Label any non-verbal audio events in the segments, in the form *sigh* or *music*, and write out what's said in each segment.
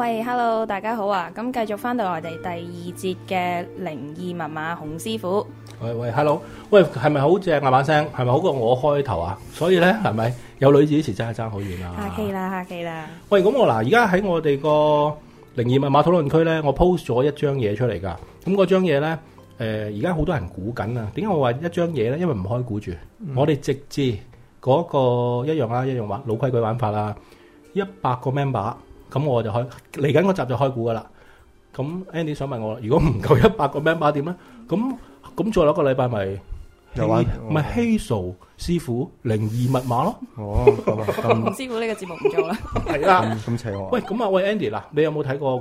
喂，Hello，大家好啊！咁、嗯、繼續翻到我哋第二節嘅靈異密碼，洪師傅。喂喂，Hello，喂，係咪好正啊？把聲係咪好過我開頭啊？所以咧，係咪有女子時真係爭好遠啊下？下期啦，下期啦。喂，咁我嗱，而家喺我哋個靈異密碼討論區咧，我 post 咗一張嘢出嚟噶。咁嗰張嘢咧，誒、呃，而家好多人估緊啊。點解我話一張嘢咧？因為唔可以估住，嗯、我哋直接嗰、那個一樣啦，一樣玩老規矩玩法啦，一百個 member。咁我就開嚟緊個集就開股噶啦。咁 Andy 想問我，如果唔夠一百個 member 點咧？咁咁再攞個禮拜咪？有咪希數師傅靈異密碼咯。哦，師傅呢個節目唔做啦。係啦，咁請我。喂，咁啊，喂 Andy 嗱，你有冇睇過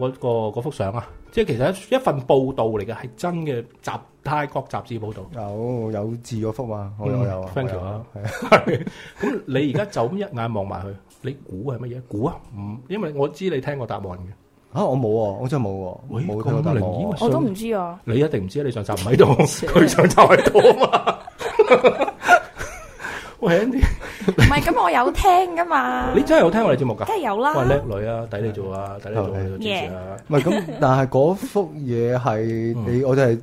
嗰幅相啊？即係其實一份報道嚟嘅，係真嘅雜泰國雜誌報道。有有字嗰幅嘛？我有有。Thank you 啊，係咁你而家就咁一眼望埋佢。你估係乜嘢？估啊，唔，因為我知你聽過答案嘅。啊，我冇啊，我真係冇。喂，冇聽過答案，我都唔知啊。你一定唔知啊？你上集唔喺度，佢上集喺度啊嘛。喂，唔係咁，我有聽噶嘛。你真係有聽我哋節目噶？梗係有啦。喂，叻女啊，抵你做啊，抵你做啊，主持啊。唔係咁，但係嗰幅嘢係你，我就係。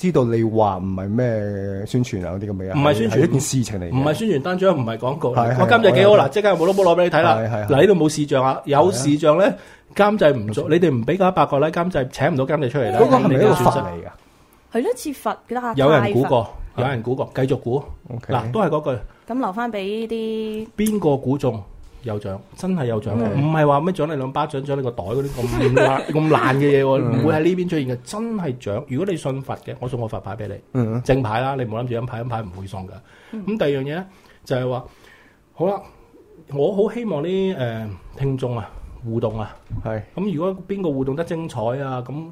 知道你話唔係咩宣傳啊啲咁嘅嘢，唔係宣傳一件事情嚟，唔係宣傳單張，唔係廣告。我監製幾好嗱，即刻冇碌冇攞俾你睇啦。嗱，呢度冇視像啊，有視像咧監製唔做，你哋唔俾夠一百個咧，監製請唔到監製出嚟啦。嗰個係咪呢個選擇嚟㗎？係囉，切罰嘅嚇，有人估過，有人估過，繼續估嗱，都係嗰句。咁留翻俾啲邊個估中？有獎，真係有獎，唔係話咩獎你兩巴掌，獎你個袋嗰啲咁咁爛嘅嘢喎，唔會喺呢邊出現嘅，真係獎。如果你信佛嘅，我送我佛牌俾你，正牌啦，你唔好諗住陰牌陰牌唔會送噶。咁第二樣嘢咧就係話，好啦，我好希望啲誒聽眾啊互動啊，係咁。如果邊個互動得精彩啊，咁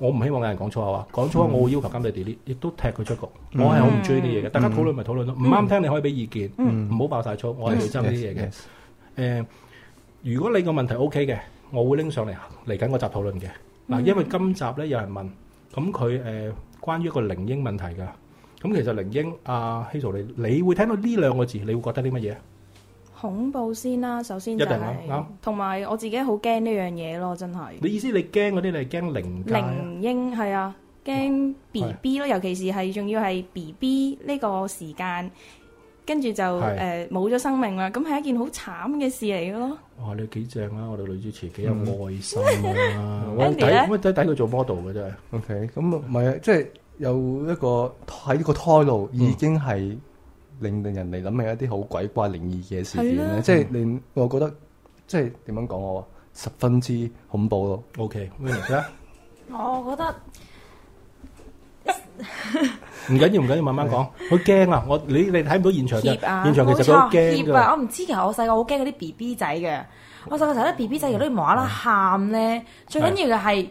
我唔希望有人講粗口啊，講粗口我會要求監製 delete，亦都踢佢出局。我係好唔中意呢嘢嘅，大家討論咪討論咯，唔啱聽你可以俾意見，唔好爆晒粗，我係憎啲嘢嘅。誒，如果你個問題 OK 嘅，我會拎上嚟嚟緊個集討論嘅。嗱，因為今集咧有人問，咁佢誒關於個靈嬰問題噶，咁其實靈嬰，阿 Hazel 你，你會聽到呢兩個字，你會覺得啲乜嘢？恐怖先啦，首先、就係、一定啱，同埋對我自己好驚呢樣嘢咯，真係。你意思你驚嗰啲，你係驚靈靈嬰係啊，驚 B B 咯，尤其是係仲要係 B B 呢個時間。跟住就誒冇咗生命啦，咁係一件好慘嘅事嚟咯。哇、哦！你幾正啊，我哋女主持幾有愛心啊。Andy 佢做 model 嘅、啊、真係。OK，咁唔係即係有一個喺呢個胎路已經係令到人哋諗起一啲好鬼怪靈異嘅事件。即係、嗯嗯、令我覺得即係點樣講我十分之恐怖咯。OK，咩 *laughs* *laughs* 我覺得。 *laughs* 唔緊要唔緊要，慢慢講。好驚啊！我你你睇唔到現場嘅，怯啊、現場其實都好驚。唔我唔、啊、知，其實我細個好驚嗰啲 B B 仔嘅。我細個時候咧，B B 仔如果都要無啦啦喊咧。最緊要嘅係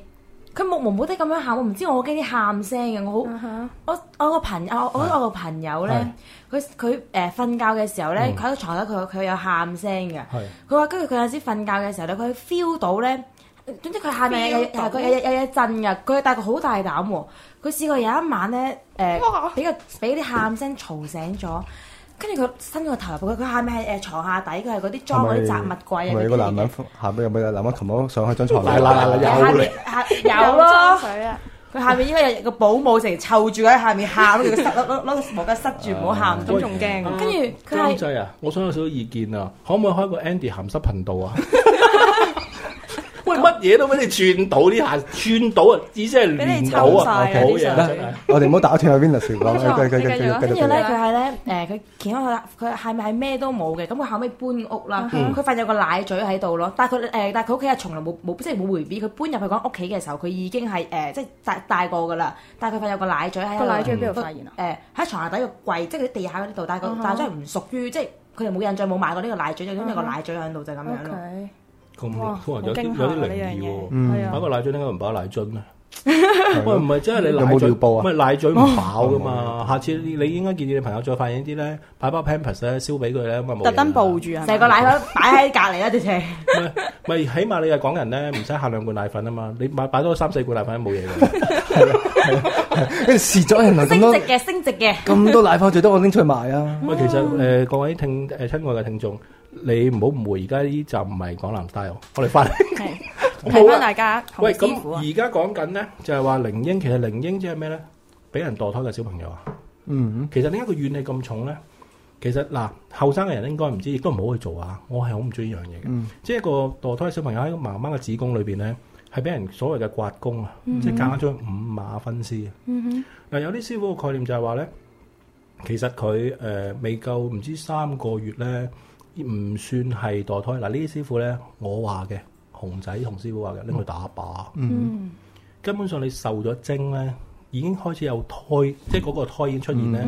佢無無無地咁樣喊，我唔知我好驚啲喊聲嘅。我好我、嗯、哼 我，我個朋友，是的 我我我個朋友咧，佢佢誒瞓覺嘅時候咧，喺個牀底佢佢有喊聲嘅。佢話跟住佢有時瞓覺嘅時候咧，佢 feel 到咧。總之佢下面有有佢有有有震嘅，佢但係好大膽喎。佢試過有一晚咧，誒俾個俾啲喊聲嘈醒咗，跟住佢伸個頭入去，佢下面係誒牀下底，佢係嗰啲裝嗰啲雜物櫃啊。有個男人下邊有冇個男人琴日上去張床，Conference、下 harbor，下有啦啦啦啦有。下邊有咯。佢下面應該有個保姆成日湊住喺下面喊，叫佢塞攞攞個毛巾塞住唔好喊。咁仲驚？跟住佢。老細啊，我想有少少意見啊，可唔可以開個 Andy 鹹濕頻道啊？乜嘢都俾你轉到呢下，轉到啊，意思係你抽晒。好嘢！我哋唔好打斷啊，Windows 講。跟住咧，佢係咧，誒，佢其中佢佢係咪係咩都冇嘅？咁佢後尾搬屋啦，佢發現有個奶嘴喺度咯。但係佢誒，但係佢屋企係從來冇冇，即係冇 BB。佢搬入去嗰屋企嘅時候，佢已經係誒，即係大大個噶啦。但係佢發現有個奶嘴喺個奶嘴邊度發現啊！誒，喺床下底個櫃，即係佢地下嗰啲度。但係個奶嘴唔屬於，即係佢哋冇印象，冇買過呢個奶嘴，就咁有個奶嘴喺度就係咁樣咯。咁，可能有有啲靈異喎，擺個奶樽點解唔擺奶樽咧？喂，唔係真係你奶樽，唔係奶嘴唔飽噶嘛？下次你應該建議你朋友再發現呢啲咧，擺包 Pampers 咧，燒俾佢咧，咁啊冇。特登抱住啊，成個奶箱擺喺隔離啦，直程。唔係，唔係，起碼你係港人咧，唔使限兩罐奶粉啊嘛。你買擺多三四罐奶粉都冇嘢嘅，跟住時裝又能咁多升值嘅，升值嘅咁多奶粉最多我拎出去賣啊。喂，其實誒各位聽誒親愛嘅聽眾。你唔好誤會，而家呢集就唔係港南 style。我哋翻嚟睇翻大家。喂，咁而家講緊咧，就係話靈嬰其實靈嬰即係咩咧？俾人墮胎嘅小朋友啊，嗯，其實點解佢怨氣咁重咧？其實嗱，後生嘅人應該唔知，亦都唔好去做啊。我係好唔中意呢樣嘢嘅，即係個墮胎嘅小朋友喺媽媽嘅子宮裏邊咧，係俾人所謂嘅刮宮啊，即係搞咗五馬分屍。嗯哼，嗱有啲師傅嘅概念就係話咧，其實佢誒未夠唔知三個月咧。唔算係墮胎嗱，呢啲師傅咧，我話嘅熊仔熊師傅話嘅，拎去打靶。嗯，根本上你受咗精咧，已經開始有胎，即係嗰個胎已經出現咧。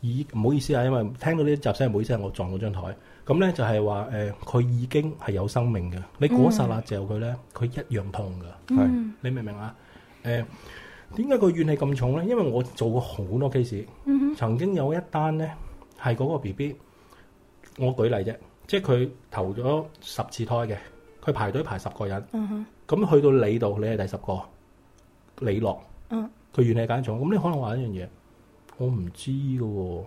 已唔好意思啊，因為聽到呢啲雜聲，唔好意思，我撞到張台。咁咧就係話誒，佢已經係有生命嘅。你嗰剎那就佢咧，佢一樣痛㗎。嗯，你明唔明啊？誒，點解佢怨氣咁重咧？因為我做過好多 case，曾經有一單咧係嗰個 B B。我舉例啫，即係佢投咗十次胎嘅，佢排隊排十個人，咁、嗯、哼去到你度，你係第十個，你落，佢原嚟係揀中，咁你可能話一樣嘢，我唔知㗎喎、哦。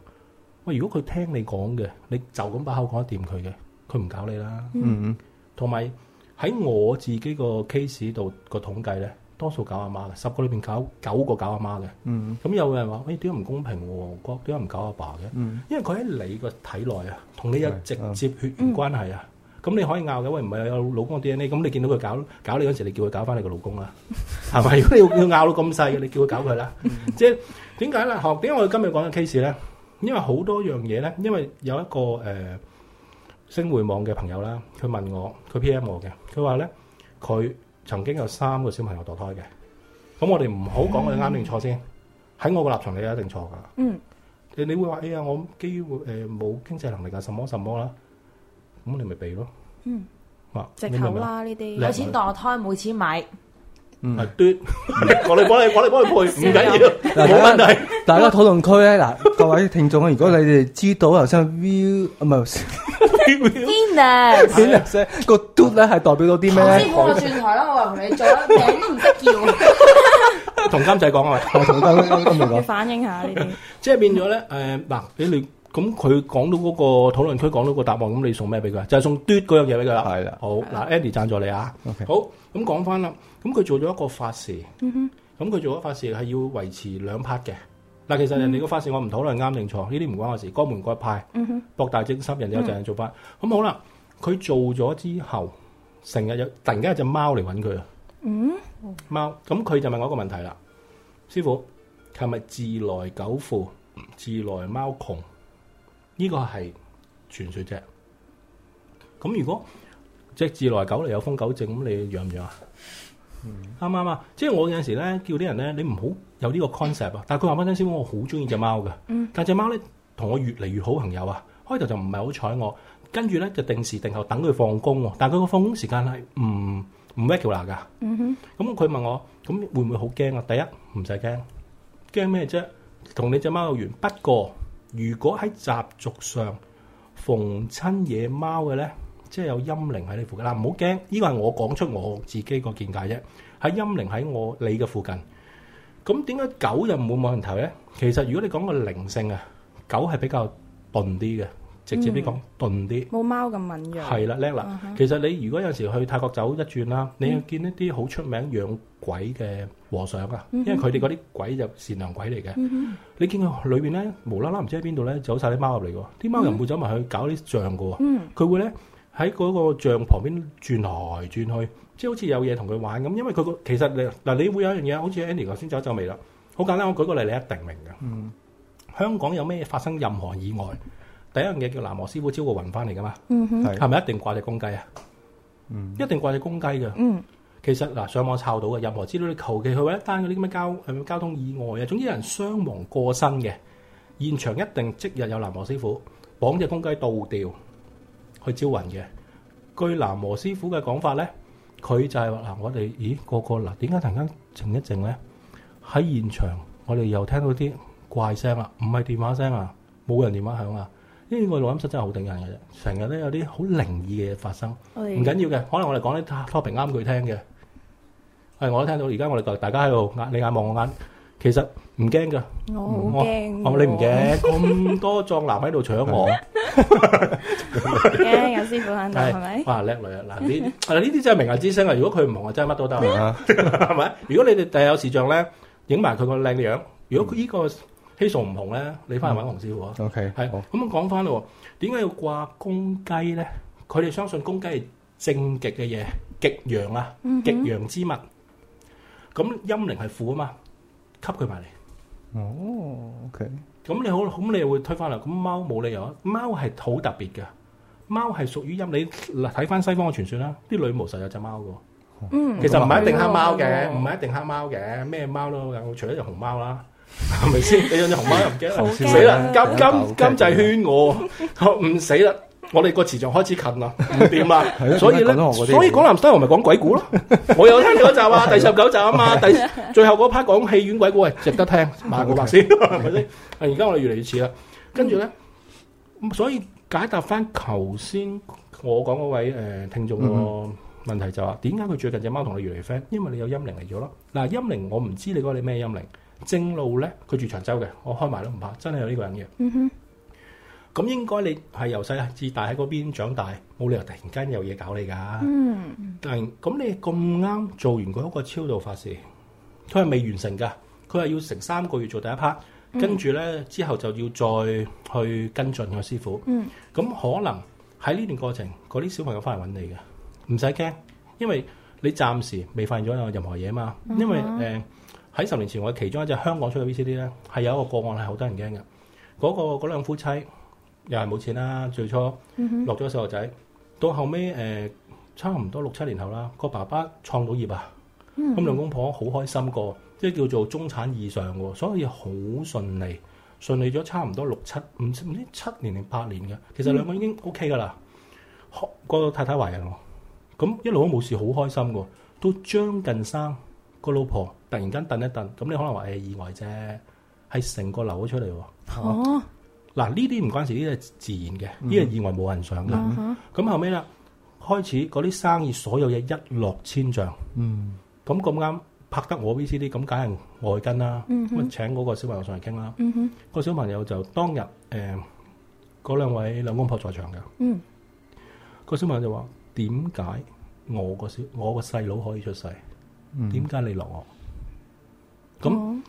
喂，如果佢聽你講嘅，你就咁把口講得掂佢嘅，佢唔搞你啦。嗯，同埋喺我自己個 case 度個統計咧。多數搞阿媽嘅，十個裏邊搞九個搞阿媽嘅。嗯，咁有嘅人話：喂，點解唔公平？喂，點解唔搞阿爸嘅？嗯，因為佢喺你個體內啊，同你有直接血緣關係啊。咁你可以拗嘅，喂，唔係有老公嘅 DNA，咁你見到佢搞搞你嗰時，你叫佢搞翻你個老公啦，係咪？如果你要拗到咁細嘅，你叫佢搞佢啦。即係點解咧？學點解我哋今日講嘅 case 咧？因為好多樣嘢咧，因為有一個誒星匯網嘅朋友啦，佢問我，佢 PM 我嘅，佢話咧佢。曾經有三個小朋友墮胎嘅，咁我哋唔好講佢啱定錯先。喺我個立場，你係一定錯㗎。嗯，你會話：哎呀，我基於誒冇經濟能力啊，什麼什麼啦，咁你咪避咯。嗯，啊，直頭啦，呢啲有錢墮胎，冇錢買。嗯，端，我哋幫你，我哋幫你配，唔緊要，冇問題。大家討論區咧，嗱，各位聽眾，如果你哋知道頭先 V Mos。天啊！個 do 咧係代表到啲咩咧？轉台啦，我同你做啦，我都唔得叫。同監仔講啊，同監仔講。反應下呢啲，即係變咗咧。誒，嗱，你咁佢講到嗰個討論區講到個答案，咁你送咩俾佢啊？就係送 do 嗰樣嘢俾佢啦。係啦，好嗱，Andy 贊助你啊。好，咁講翻啦。咁佢做咗一個發誓。嗯哼，咁佢做咗發誓係要維持兩 part 嘅。嗱，其實人哋嘅法事我唔討論啱定錯，呢啲唔關我事，各門各派，博大精深，人哋有責任做法，咁、嗯、好啦，佢做咗之後，成日有突然間有隻貓嚟揾佢啊，嗯、貓，咁佢就問我一個問題啦，師傅係咪自來狗富，自來貓窮？呢、呢個係傳説啫，咁如果隻自來狗嚟有瘋狗症，咁你養唔養啊？啱啱啊！即係我有陣時咧，叫啲人咧，你唔好有呢個 concept 啊。但係佢話翻親師父，我好中意隻貓嘅。但係隻貓咧，同我越嚟越好朋友啊。開頭就唔係好睬我，跟住咧就定時定候等佢放工喎。但係佢個放工時間係唔唔 regular 噶。咁佢、嗯哼嗯、問我，咁會唔會好驚啊？第一唔使驚，驚咩啫？同你隻貓有緣。不過如果喺習俗上逢親野貓嘅咧。即係有陰靈喺你附近啦，唔好驚。呢個係我講出我自己個見解啫。喺陰靈喺我你嘅附近，咁點解狗又唔會冇人頭咧？其實如果你講個靈性啊，狗係比較鈍啲嘅，直接啲講鈍啲。冇貓咁敏鋭。係啦，叻啦。其實你如果有時去泰國走一轉啦，你要見一啲好出名養鬼嘅和尚啊，因為佢哋嗰啲鬼就善良鬼嚟嘅。你見佢裏邊咧，無啦啦唔知喺邊度咧，就走曬啲貓入嚟㗎。啲貓又唔會走埋去搞啲象㗎。嗯，佢會咧。喺嗰個帳旁邊轉來轉去，即係好似有嘢同佢玩咁。因為佢個其實你嗱，你會有一樣嘢，好似 Andy 頭先走走味啦。好簡單，我舉個例，你一定明嘅。嗯、香港有咩發生任何意外，第一樣嘢叫喃嘸師傅招個魂翻嚟噶嘛？係咪、嗯、哼一定掛隻公雞啊？嗯、一定掛隻公雞嘅。嗯，其實嗱、呃，上網抄到嘅任何資料，你求其去揾一單嗰啲咁嘅交是是交通意外啊，總之有人傷亡過身嘅，現場一定即日有喃嘸師傅綁隻公雞倒掉。去招魂嘅，據南和師傅嘅講法咧，佢就係話嗱，我哋咦個個嗱，點解突然間靜一靜咧？喺現場，我哋又聽到啲怪聲啊，唔係電話聲啊，冇人電話響啊，因為呢個錄音室真係好頂人嘅啫，成日咧有啲好靈異嘅嘢發生，唔緊要嘅，可能我哋講啲 topic 啱佢聽嘅，係我都聽到，而家我哋大家喺度眼你眼望我眼。其實唔驚噶，我驚，你唔驚？咁多壯男喺度搶我，驚有師傅喺度係咪？哇，叻女啊！嗱啲，嗱呢啲真係明日之星啊！如果佢唔紅，真係乜都得啊，係咪？如果你哋第日有視像咧，影埋佢個靚嘅樣。如果呢個氣數唔紅咧，你翻去搵洪師傅啊。OK，係咁講翻咯。點解要掛公雞？咧，佢哋相信公雞係正極嘅嘢，極陽啊，極陽之物。咁陰靈係負啊嘛。吸佢埋嚟，哦，OK，咁你好，咁你又會推翻啦？咁貓冇理由，貓係好特別嘅，貓係屬於陰。你嗱睇翻西方嘅傳說啦，啲女巫實有隻貓嘅，嗯，其實唔係一定黑貓嘅，唔係一定黑貓嘅，咩貓都有，除咗隻熊貓啦，係咪先？你養隻熊貓又唔驚，死啦！金金金制圈我，唔死啦！我哋個磁就開始近啦，點啊？ *laughs* 所以咧，所以講南西我咪講鬼故咯。 *laughs* 我有聽咗一集啊， *laughs* 第十九集啊嘛， *laughs* 第 *laughs* 最後嗰 part 講戲院鬼故，喂， *laughs* 值得聽。慢過慢先，係咪先？而家我哋越嚟越似啦。跟住咧，所以解答翻頭先我講嗰位誒、呃、聽眾個問題就話、是，點解佢最近隻貓同你越嚟越 friend？因為你有陰靈嚟咗咯。嗱，陰靈我唔知你嗰個你咩陰靈。正路咧，佢住長洲嘅，我開埋都唔怕，真係有呢個人嘅。 *laughs* 咁應該你係由細至大喺嗰邊長大，冇理由突然間有嘢搞你㗎。嗯，但係咁你咁啱做完嗰個超度法事，佢係未完成㗎。佢係要成三個月做第一 part，跟住咧、嗯、之後就要再去跟進個師傅。嗯，咁可能喺呢段過程嗰啲小朋友翻嚟揾你嘅，唔使驚，因為你暫時未發現咗有任何嘢啊嘛。因為誒喺、嗯哼呃、十年前我其中一隻香港出嘅 VCD 咧係有一個個案係好多人驚㗎，嗰、嗰個嗰兩夫妻。又係冇錢啦、啊，最初落咗細路仔，嗯、哼到後尾，誒、呃、差唔多六七年後啦，個爸爸創到業啊，咁、嗯、哼兩公婆好開心個，即係叫做中產以上喎，所以好順利，順利咗差唔多六七唔唔知七年定八年嘅，其實兩個已經 O K 噶啦，嗯、個太太懷孕喎，咁一路都冇事，好開心嘅，到將近生個老婆突然間頓一頓，咁你可能話誒、欸、意外啫，係成個流咗出嚟喎、啊。啊啊嗱呢啲唔關事，呢啲係自然嘅，呢係意外冇人想嘅。咁後尾啦，開始嗰啲生意所有嘢一落千丈。嗯，咁咁啱拍得我 VCD，咁梗係我跟啦。咁請嗰個小朋友上嚟傾啦。個小朋友就當日誒，嗰兩位兩公婆在場嘅。嗯，個小朋友就話：點解我個小我個細佬可以出世，點解你落我？咁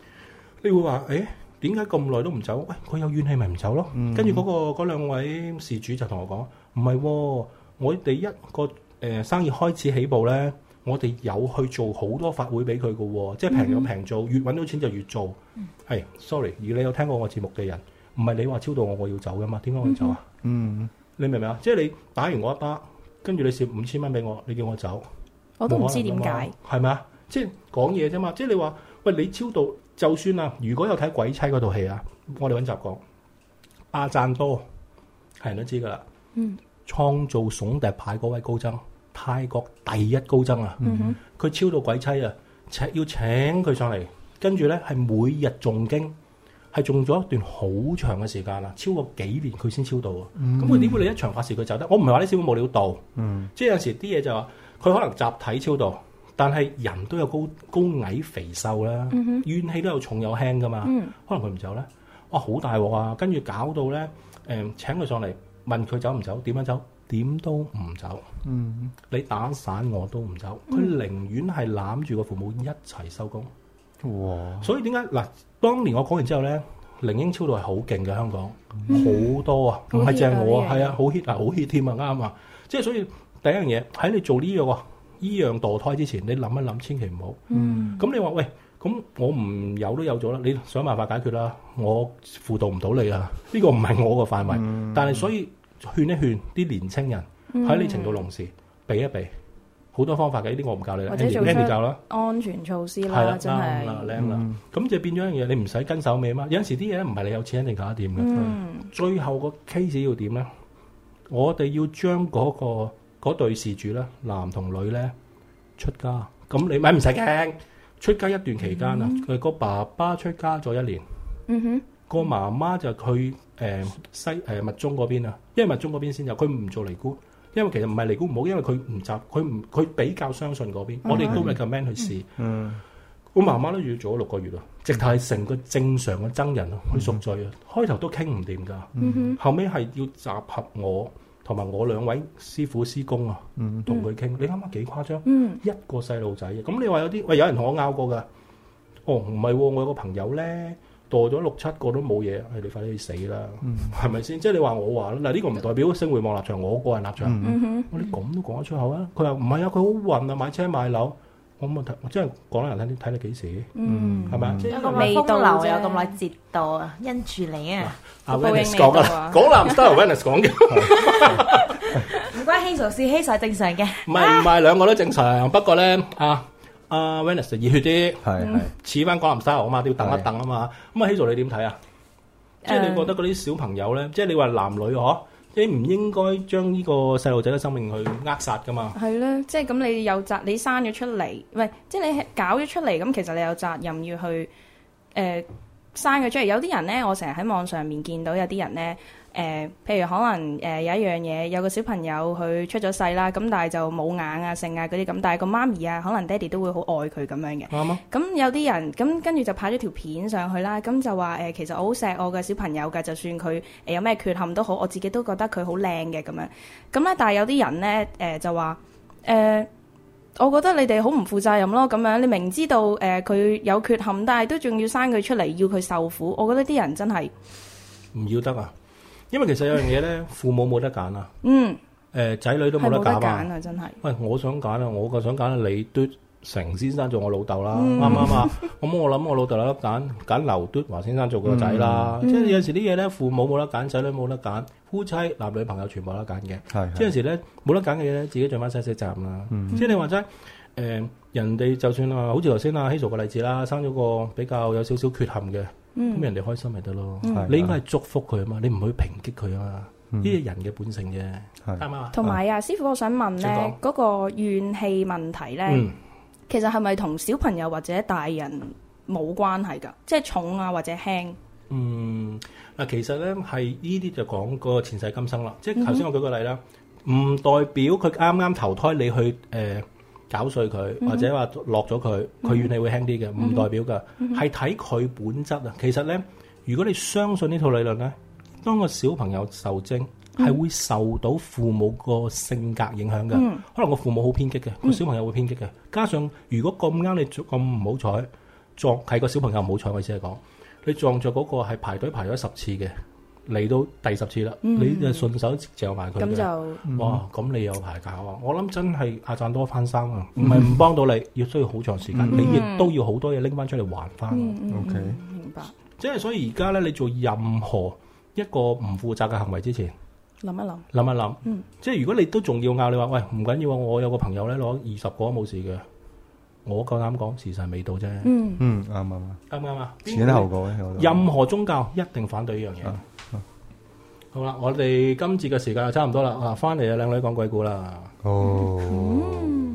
你會話誒？點解咁耐都唔走？喂，佢有怨氣咪唔走咯？跟住嗰個嗰兩位事主就同我講：唔係，我哋一個誒生意開始起步咧，我哋有去做好多法會俾佢嘅，即係平有平做，越揾到錢就越做。係，sorry。如果你有聽過我節目嘅人，唔係你話超度我，我要走㗎嘛？點解我要走啊？嗯，你明唔明啊？即係你打完我一巴，跟住你蝕五千蚊俾我，你叫我走，我都唔知點解，係咪啊？即係講嘢啫嘛！即係你話，喂，你超度。就算啊，如果有睇《鬼妻》嗰套戲啊，我哋揾雜講，阿讚多係人都知噶啦。嗯，創造聳笛派嗰位高僧，泰國第一高僧啊。嗯、哼，佢超到《鬼妻》啊，請要請佢上嚟，跟住咧係每日誦經，係誦咗一段好長嘅時間啦、啊，超過幾年佢先超到啊。咁佢點會你一場法事佢走得？我唔係話呢啲咁冇料到，嗯，嗯，即係有時啲嘢就話佢可能集體超度。但係人都有高高矮、肥瘦啦，怨氣都有重有輕㗎嘛，可能佢唔走咧，哇好大鑊啊！跟住搞到咧，誒請佢上嚟問佢走唔走，點樣走，點都唔走。你打散我都唔走，佢寧願係攬住個父母一齊收工。哇！所以點解嗱？當年我講完之後咧，靈嬰超度係好勁嘅香港，好多啊，唔係淨係我啊，係啊，好 hit 啊，好 hit 添啊，啱啊！即係所以第一樣嘢喺你做呢個。依樣墮胎之前，你諗一諗，千祈唔好。咁你話喂，咁我唔有都有咗啦，你想辦法解決啦。我輔導唔到你啊，呢個唔係我個範圍。但係所以勸一勸啲年青人喺呢程度弄事，避一避，好多方法嘅。呢啲我唔教你啦。即係做咩教啦，安全措施啦，真係。咁就變咗一樣嘢，你唔使跟手尾嘛。有陣時啲嘢唔係你有錢一定搞得掂嘅。最後個 case 要點咧？我哋要將嗰個。嗰對事主咧，男同女咧，出家，咁你咪唔使驚。出家一段期間啊，佢、嗯、哼個爸爸出家咗一年，嗯、哼個媽媽就去誒、呃、西誒密、呃、宗嗰邊啊，因為密宗嗰邊先有。佢唔做尼姑，因為其實唔係尼姑唔好，因為佢唔習，佢唔佢比較相信嗰邊。嗯、哼我哋都係咁樣去試。嗯、哼我媽媽都要做咗六個月啊，嗯、哼直頭係成個正常嘅僧人啊，去贖、嗯、哼罪啊，開頭都傾唔掂㗎，後尾係要集合我。同埋我兩位師父師公啊，同佢傾，嗯、你啱啱幾誇張？一個細路仔，咁、嗯啊、你話有啲喂有人同我拗過㗎，哦唔係、啊，我有個朋友咧墮咗六七個都冇嘢。係、哎、你快啲去死啦，係咪先？即係你話我話啦，嗱，呢個唔代表星匯望立場，我個人立場，我哋咁都講得出口啊？佢話唔係啊，佢好混啊，買車買樓。咁啊，即係港蘭人睇你睇你幾時？嗯，係咪啊？咁咪幅度流啊，有咁耐折度啊，因住嚟啊。阿 Veness 講噶啦，Gangnam style，Veness 講嘅。唔關希族事，希族係正常嘅。唔係唔係，兩個都正常。不過咧，啊啊，Veness 熱血啲，係係似翻 Gangnam style 啊嘛，都要等一等啊嘛。咁啊，希族你點睇啊？即係你覺得嗰啲小朋友咧，即係你話男女嗬？即唔應該將呢個細路仔嘅生命去扼殺㗎嘛？係啦，即係咁你有責，你生咗出嚟，唔係，即係你搞咗出嚟，咁其實你有責任要去誒，呃生佢出嚟有啲人呢，我成日喺網上面見到有啲人呢，誒、呃，譬如可能誒、呃、有一樣嘢，有個小朋友佢出咗世啦，咁但係就冇眼啊，性啊嗰啲咁，但係個媽咪啊，可能爹哋都會好愛佢咁樣嘅。咁、嗯嗯、有啲人咁跟住就拍咗條片上去啦，咁、嗯、就話誒、呃，其實我好錫我嘅小朋友㗎，就算佢有咩缺陷都好，我自己都覺得佢好靚嘅咁樣咁咧、嗯。但係有啲人呢，誒、呃、就話誒。呃我覺得你哋好唔負責任咯，咁樣你明知道誒佢、呃、有缺陷，但係都仲要生佢出嚟，要佢受苦。我覺得啲人真係唔要得啊！因為其實有樣嘢咧，父母冇得揀啊。嗯。誒、呃，仔女都冇得揀啊，啊！真係。喂，我想揀啊！我個想揀啊！你都。成先生做我老豆啦，啱唔啱啊？咁我諗我老豆有得揀揀劉德華先生做個仔啦，即係有時啲嘢咧，父母冇得揀，仔女冇得揀，夫妻、男女朋友全部都揀嘅。係，即係有時咧冇得揀嘅嘢咧，自己盡翻晒啲責任啦。即係你話齋，誒，人哋就算話好似頭先阿希做個例子啦，生咗個比較有少少缺陷嘅，咁人哋開心咪得咯？你應該係祝福佢啊嘛，你唔可以抨擊佢啊嘛，呢啲人嘅本性啫。啱唔啱啊？同埋啊，師傅，我想問咧，嗰個怨氣問題咧。其實係咪同小朋友或者大人冇關係㗎？即係重啊，或者輕？嗯，嗱，其實呢係呢啲就講嗰個前世今生啦。即係頭先我舉個例啦，唔代表佢啱啱投胎你去誒搞碎佢，或者話落咗佢，佢怨氣會輕啲嘅，唔代表㗎，係睇佢本質啊。其實呢，如果你相信呢套理論呢，當個小朋友受精。係會受到父母個性格影響嘅，嗯、可能個父母好偏激嘅，嗯、個小朋友會偏激嘅。加上如果咁啱你咁唔好彩撞係個小朋友唔好彩，我只係講你撞着嗰個係排隊排咗十次嘅嚟到第十次啦，嗯、你就順手嚼埋佢嘅，嗯嗯、哇！咁你有排架喎。我諗真係阿贊多翻生啊，唔係唔幫到你，要需要好長時間，嗯、你亦都要好多嘢拎翻出嚟還翻。嗯嗯嗯、OK，明白。即係所以而家咧，你做任何一個唔負責嘅行為之前。諗一諗，諗一諗，嗯，即係如果你都仲要拗你話，喂唔緊要喎，我有個朋友咧攞二十個都冇事嘅，我夠膽講，時辰未到啫，嗯，嗯，啱唔啱？啱唔啱啊？前因後果，任何宗教一定反對呢樣嘢。好啦，我哋今次嘅時間就差唔多啦，啊，翻嚟啊，靚好女講鬼故啦。哦。嗯嗯